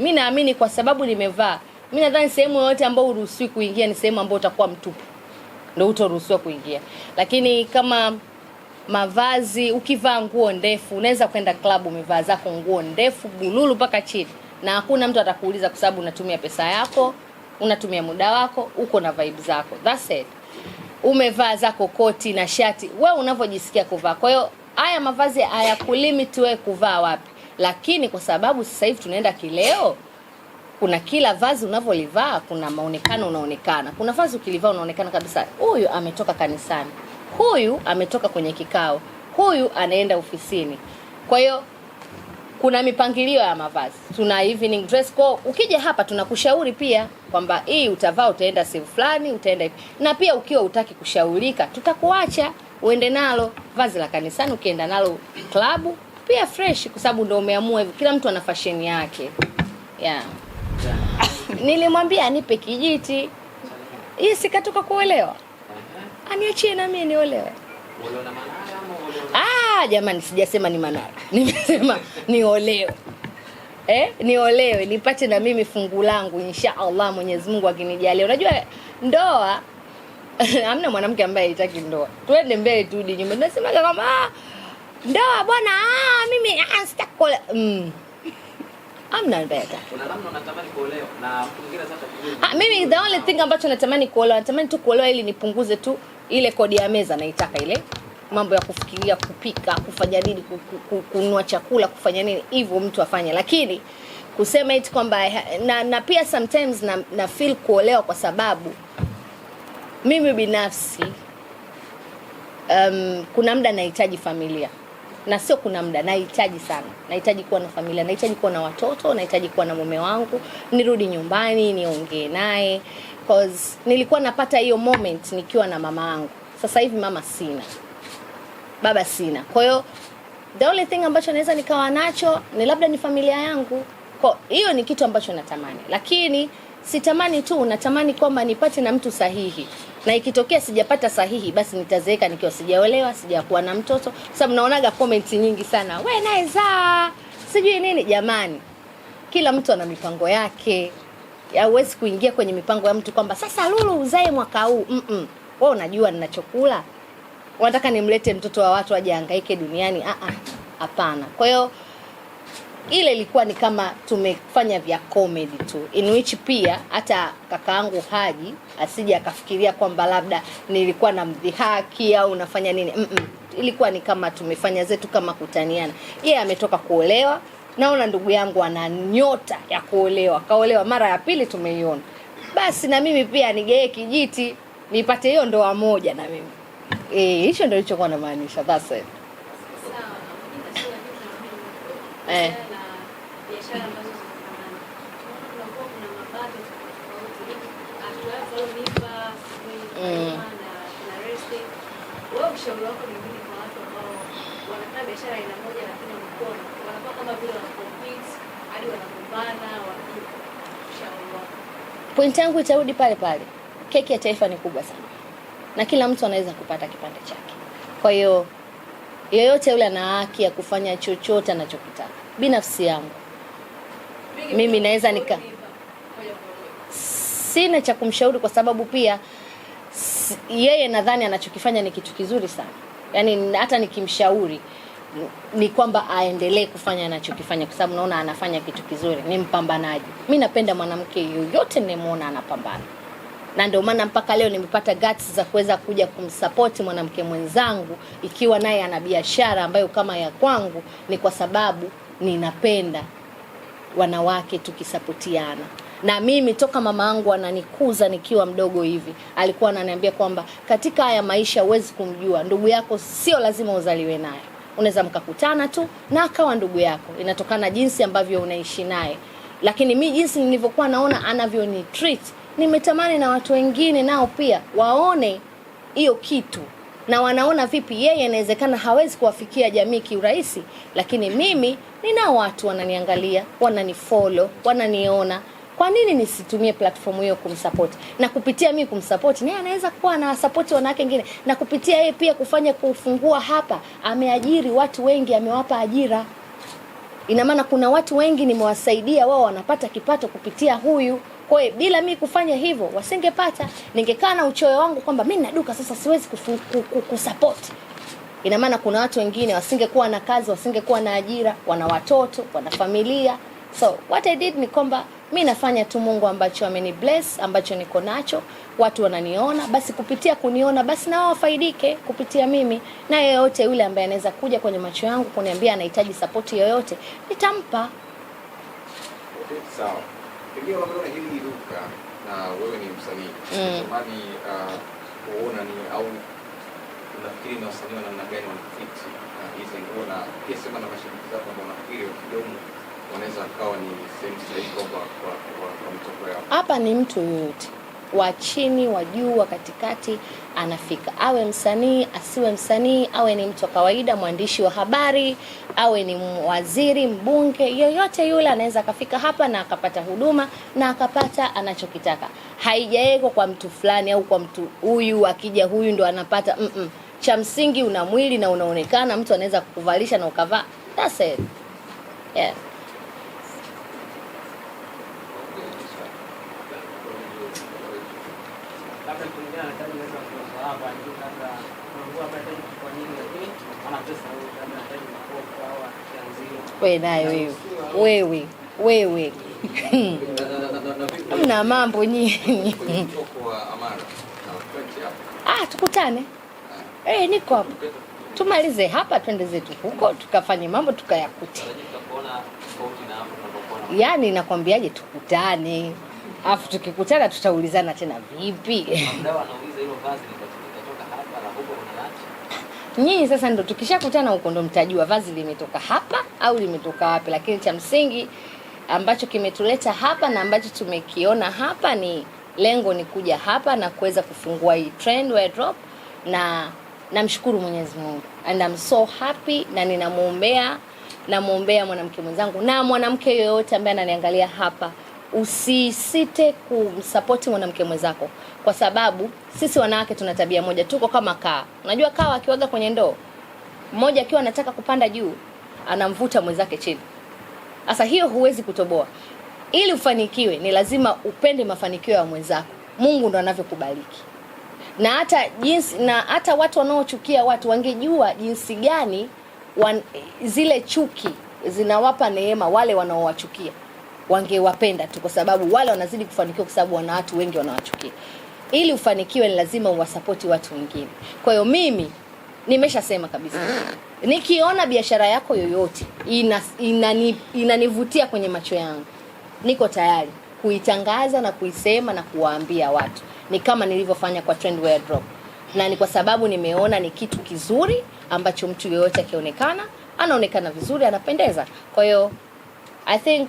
Mi naamini kwa sababu nimevaa, mi nadhani sehemu yoyote ambayo uruhusiwi kuingia ni sehemu ambayo utakuwa mtupu, ndio utaruhusiwa kuingia. Lakini kama mavazi, ukivaa nguo ndefu, unaweza kwenda klabu umevaa zako nguo ndefu bululu mpaka chini, na hakuna mtu atakuuliza, kwa sababu unatumia pesa yako, unatumia muda wako, uko na vibe zako, that's it. Umevaa zako koti na shati, wewe unavyojisikia kuvaa. Kwa hiyo haya mavazi hayakulimit wewe kuvaa wapi lakini kwa sababu sasa hivi tunaenda kileo, kuna kila vazi unavyolivaa kuna maonekano unaonekana. Kuna vazi ukilivaa unaonekana kabisa, huyu ametoka kanisani, huyu ametoka kwenye kikao, huyu anaenda ofisini. Kwa hiyo kuna mipangilio ya mavazi, tuna evening dress kwa Ukija hapa tunakushauri pia kwamba hii utavaa, utaenda sehemu fulani, utaenda hivi. Na pia ukiwa utaki kushaurika, tutakuacha uende nalo vazi la kanisani, ukienda nalo klabu pia fresh, kwa sababu ndio umeamua hivyo. Kila mtu ana fashion yake yeah. Nilimwambia anipe kijiti hii, sikatoka kuolewa, uh-huh. aniachie na mimi niolewe. Ah, jamani, sijasema ni Manara, nimesema niolewe eh, niolewe nipate na mimi fungu langu insha Allah, Mwenyezi Mungu akinijalia. Unajua ndoa hamna mwanamke ambaye haitaki ndoa. Tuende mbele, tu nyuma. Nasema kama ah, ndoa bwana, ah, mimi ah, sitaki kuolewa. Mm. Amna beta. Ah, mimi the only thing ambacho natamani kuolewa, natamani tu kuolewa ili nipunguze tu ile kodi ya meza, naitaka ile mambo ya kufikiria, kupika, kufanya nini, kununua chakula, kufanya nini, hivyo mtu afanye, lakini kusema eti kwamba eh, na, na pia sometimes na, na feel kuolewa kwa sababu mimi binafsi um, kuna muda nahitaji familia na sio kuna muda, nahitaji sana, nahitaji kuwa na familia, nahitaji kuwa na watoto, nahitaji kuwa na mume wangu, nirudi nyumbani niongee naye, cause nilikuwa napata hiyo moment nikiwa na mama yangu. Sasa hivi mama sina, baba sina, kwa hiyo the only thing ambacho naweza nikawa nacho ni labda ni familia yangu. Kwa hiyo ni kitu ambacho natamani, lakini sitamani tu, natamani kwamba nipate na mtu sahihi na ikitokea sijapata sahihi, basi nitazeeka nikiwa sijaolewa, sijakuwa na mtoto, kwa sababu naonaga comments nyingi sana, we naweza sijui nini. Jamani, kila mtu ana mipango yake, hauwezi kuingia kwenye mipango ya mtu kwamba sasa Lulu uzae mwaka huu. mm -mm. Wewe unajua ninachokula, unataka nimlete mtoto wa watu aje ahangaike duniani? hapana. Kwa hiyo ile ilikuwa ni kama tumefanya vya comedy tu, in which pia hata kakaangu Haji asije akafikiria kwamba labda nilikuwa na mdhihaki au nafanya nini mm -mm. Ilikuwa ni kama tumefanya zetu kama kutaniana. Yeye yeah, ametoka kuolewa, naona ndugu yangu ana nyota ya kuolewa, kaolewa mara ya pili tumeiona, basi na mimi pia nigee kijiti nipate hiyo ndoa moja na mimi eh, hicho ndio nilichokuwa namaanisha. That's it. Eh biashara ambazo zinafanana, kuna mapato tofauti, mm. na Wewe ushauri wako ni nini kwa watu ambao wanafanya biashara aina moja, lakini wamekuwa wanakuwa kama vile hadi wanagombana? Pointi yangu itarudi pale pale, keki ya taifa ni kubwa sana na kila mtu anaweza kupata kipande chake. Kwa hiyo yoyote yule ana haki ya kufanya chochote anachokitaka. Binafsi yangu mimi naweza nika sina cha kumshauri kwa sababu pia yeye nadhani anachokifanya ni kitu kizuri sana. Yaani hata nikimshauri ni kwamba aendelee kufanya anachokifanya, kwa sababu naona anafanya kitu kizuri. Ni mpambanaji. Mi napenda mwanamke yoyote nimeona anapambana, na ndio maana mpaka leo nimepata guts za kuweza kuja kumsapoti mwanamke mwenzangu, ikiwa naye ana biashara ambayo kama ya kwangu, ni kwa sababu ninapenda wanawake tukisapotiana na mimi toka mama angu ananikuza nikiwa mdogo hivi, alikuwa ananiambia kwamba katika haya maisha huwezi kumjua ndugu yako, sio lazima uzaliwe naye, unaweza mkakutana tu na akawa ndugu yako, inatokana jinsi ambavyo unaishi naye. Lakini mi jinsi nilivyokuwa naona treat nimetamani na watu wengine nao pia waone hiyo kitu na wanaona vipi, yeye inawezekana hawezi kuwafikia jamii kiurahisi, lakini mimi ninao watu wananiangalia, wananifolo wananiona kwa nini nisitumie platform hiyo kumsupport na kupitia mimi kumsupport, naye anaweza kuwa na support wanawake wengine, na kupitia yeye pia kufanya kufungua hapa, ameajiri watu wengi, amewapa ajira. Ina maana kuna watu wengi nimewasaidia, wao wanapata kipato kupitia huyu kwa hiyo bila mi kufanya hivyo wasingepata. Ningekaa na uchoyo wangu kwamba mimi na duka sasa, siwezi kusupport. Ina maana kuna watu wengine wasingekuwa na kazi, wasingekuwa na ajira, wana watoto, wana familia. So what I did ni kwamba mi nafanya tu Mungu ambacho ameni bless, ambacho niko nacho, watu wananiona, basi kupitia kuniona, basi na wafaidike kupitia mimi, na yeyote yule ambaye anaweza kuja kwenye macho yangu kuniambia anahitaji sapoti yoyote nitampa. Okay, Sawa pengine unaona hili ni duka na wewe ni msanii mm. Tamani uh, kuona ni au unafikiri na wasanii wa namna gani wanafiti na hizi nguo na pia sema na mashabiki zako ambao unafikiri wakija humu wanaweza akawa ni sehemu sahihi kwa kwa, kwa, kwa mtoko yao. Hapa ni mtu yoyote wa chini, wa juu, wa katikati anafika. Awe msanii, asiwe msanii, awe ni mtu wa kawaida, mwandishi wa habari, awe ni waziri, mbunge, yoyote yule anaweza akafika hapa na akapata huduma na akapata anachokitaka. Haijawekwa kwa mtu fulani au kwa mtu huyu, akija huyu ndo anapata mm -mm. Cha msingi una mwili na unaonekana, mtu anaweza kukuvalisha na ukavaa. That's it. Yeah. Wewe naye wewe wewe wewe mna mambo nyinyi. Ah, tukutane eh, niko hapa, tumalize hapa, twende zetu huko tukafanye mambo tukayakute. Yaani nakwambiaje, tukutane afu tukikutana tutaulizana tena vipi? Nyinyi sasa ndo tukishakutana huko ndo mtajua vazi limetoka hapa au limetoka wapi, lakini cha msingi ambacho kimetuleta hapa na ambacho tumekiona hapa ni lengo ni kuja hapa na kuweza kufungua hii trend wardrobe, na namshukuru Mwenyezi Mungu and I'm so happy, na ninamwombea namwombea mwanamke mwenzangu na mwanamke yoyote ambaye ananiangalia hapa usisite kumsapoti mwanamke mwenzako, kwa sababu sisi wanawake tuna tabia moja, tuko kama kaa. Unajua kaa akiwaga kwenye ndoo mmoja, akiwa anataka kupanda juu anamvuta mwenzake chini. Sasa hiyo huwezi kutoboa. Ili ufanikiwe, ni lazima upende mafanikio ya mwenzako. Mungu ndo anavyokubariki na hata jinsi, na hata watu wanaochukia watu wangejua jinsi gani wan, zile chuki zinawapa neema wale wanaowachukia wangewapenda tu, kwa sababu wale wanazidi kufanikiwa, kwa sababu wana watu wengi wanawachukia. Ili ufanikiwe, ni lazima uwasapoti watu wengine. Kwa hiyo mimi nimeshasema kabisa, nikiona biashara yako yoyote inanivutia ina, ina ina kwenye macho yangu, niko tayari kuitangaza na kuisema na kuwaambia watu, ni kama nilivyofanya kwa Trendwear Drop, na ni kwa sababu nimeona ni kitu kizuri ambacho mtu yoyote akionekana anaonekana vizuri, anapendeza. Kwa hiyo I think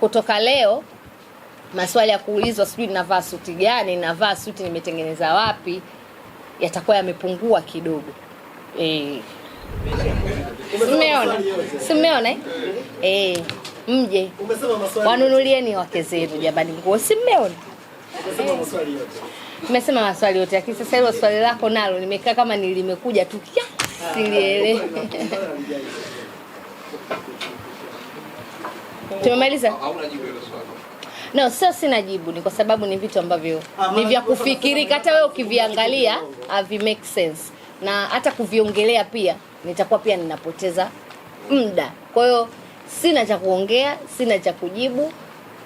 kutoka leo maswali ya kuulizwa sijui ninavaa suti gani, ninavaa suti nimetengeneza wapi, yatakuwa yamepungua kidogo e. Simeona, simeona eh? E, mje wanunulieni wake zenu jamani nguo, simeona Nimesema maswali yote, lakini sasa hilo swali lako nalo nimekaa kama nilimekuja tu, silielewi. Tumemaliza? Hauna jibu hilo swali. No, sio sina jibu, ni kwa sababu ni vitu ambavyo ah, ni vya kufikirika, hata wewe ukiviangalia havi ah, make sense, na hata kuviongelea pia nitakuwa pia ninapoteza muda. Kwa hiyo sina cha kuongea, sina cha kujibu.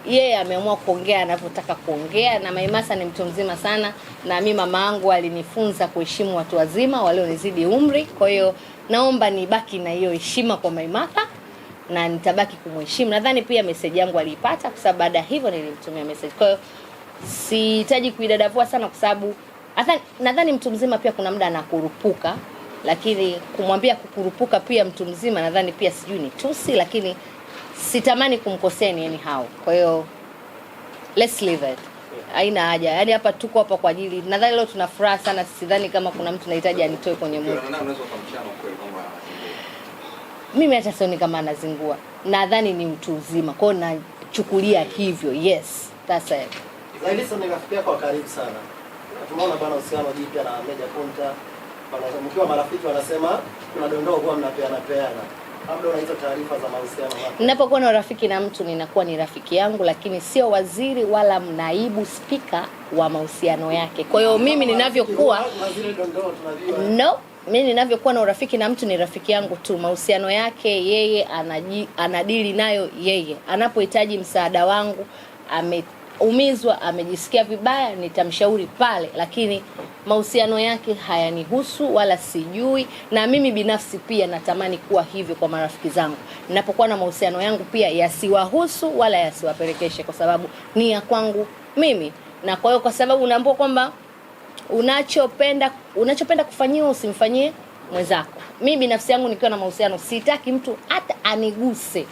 Yeye yeah, ameamua kuongea anavyotaka kuongea, na Maimasa ni mtu mzima sana, na mi mama yangu alinifunza kuheshimu watu wazima walionizidi umri. Kwa hiyo naomba nibaki na hiyo heshima kwa Maimasa na nitabaki kumheshimu. Nadhani pia message yangu aliipata, kwa sababu baada hivyo nilimtumia message. Kwa hiyo sihitaji kuidadavua sana, kwa sababu nadhani mtu mzima pia kuna muda anakurupuka, lakini kumwambia kukurupuka pia mtu mzima nadhani pia sijui ni tusi, lakini sitamani kumkosea ni anyhow. Kwa hiyo let's leave it Haina haja yaani, hapa tuko hapa kwa ajili, nadhani leo tuna furaha sana. Sidhani kama kuna mtu anahitaji anitoe kwenye mood mimi hata sioni kama anazingua, nadhani ni mtu uzima kwao, nachukulia hivyo. Yes, that's it. Zailisa ni rafiki yako wa karibu sana, tumeona bwana uhusiano jipya na Meja Kunta, mkiwa marafiki wanasema kuna dondoo huwa mnapeana peana Ninapokuwa na urafiki na mtu ninakuwa ni rafiki yangu, lakini sio waziri wala naibu spika wa mahusiano yake. Kwa hiyo mimi ninavyokuwa no mimi ninavyokuwa na urafiki na mtu ni rafiki yangu tu, mahusiano yake yeye anaji, anadili nayo yeye. Anapohitaji msaada wangu, ameumizwa, amejisikia vibaya, nitamshauri pale, lakini mahusiano yake hayanihusu wala sijui. Na mimi binafsi pia natamani kuwa hivyo kwa marafiki zangu, ninapokuwa na mahusiano yangu pia yasiwahusu wala yasiwapelekeshe, kwa sababu ni ya kwangu mimi. Na kwa hiyo kwa sababu unaambua kwamba unachopenda unachopenda kufanyiwa usimfanyie mwenzako. Mi binafsi yangu nikiwa na mahusiano sitaki mtu hata aniguse,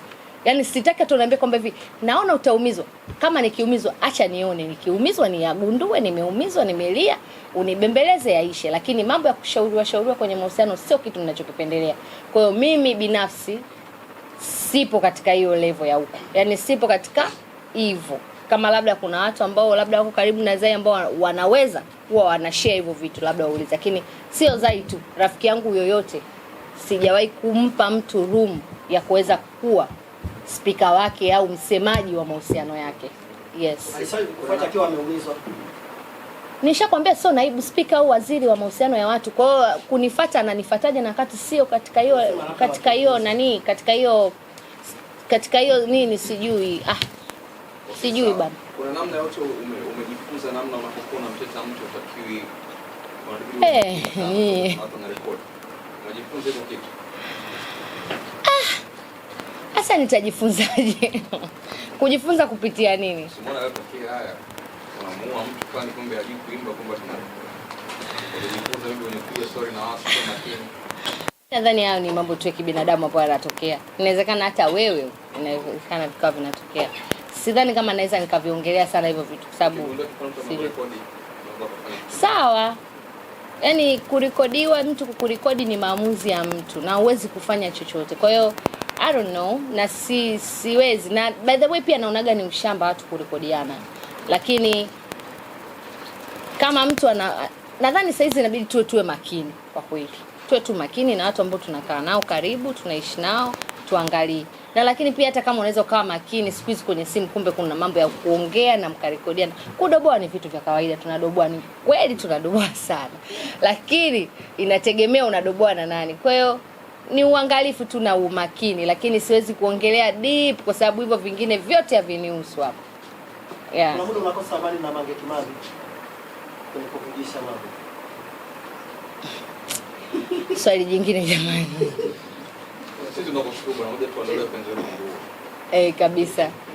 yaani sitaki hata uniambie kwamba hivi naona utaumizwa. Kama nikiumizwa, acha nione, nikiumizwa niyagundue, nimeumizwa, nimelia, unibembeleze yaishe. Lakini mambo ya kushauriwa shauriwa kwenye mahusiano sio kitu ninachokipendelea. Kwa hiyo mimi binafsi sipo katika hiyo level ya huko, yaani sipo katika hivyo kama labda kuna watu ambao labda wako karibu na Zai ambao wanaweza huwa wanashare hivyo vitu, labda waulize. Lakini sio Zai tu, rafiki yangu yoyote sijawahi kumpa mtu room ya kuweza kuwa spika wake au msemaji wa mahusiano yake. Yes, nishakwambia sio naibu spika au waziri wa mahusiano ya watu. Kwa hiyo kunifata ananifataje na wakati sio katika hiyo katika hiyo nani katika hiyo katika hiyo nini sijui ah sijui bana. Kuna namna yote umejifunza namna unapokuwa unamteta mtu utakiwi eh, eh, eh. unajifunza ah, nitajifunzaje? Kujifunza kupitia nini? Nadhani hayo ni mambo tu ya kibinadamu ambayo yanatokea. Inawezekana hata wewe, inawezekana vikawa vinatokea sidhani kama naweza nikaviongelea sana hivyo vitu kwa sababu sawa yaani kurekodiwa mtu kukurekodi ni maamuzi ya mtu na huwezi kufanya chochote kwa hiyo I don't know na si siwezi na by the way pia naonaga ni ushamba watu kurekodiana lakini kama mtu ana nadhani sasa hizi inabidi tuwe tuwe makini kwa kweli tuwe tu makini na watu ambao tunakaa nao karibu tunaishi nao tuangalie na lakini pia hata kama unaweza ukawa makini siku hizi kwenye simu, kumbe kuna mambo ya kuongea na mkarekodiana. Kudoboa ni vitu vya kawaida, tunadoboa ni kweli, tunadoboa sana, lakini inategemea unadoboa na nani. Kwa hiyo ni uangalifu tu na umakini, lakini siwezi kuongelea deep kwa sababu hivyo vingine vyote havinihusu hapo. Yeah. Kuna mtu unakosa amani na Mange Kimambi kwenye kuvujisha mambo. Swali jingine jamani. Sisi cabeça. Bwana, moja Eh, kabisa.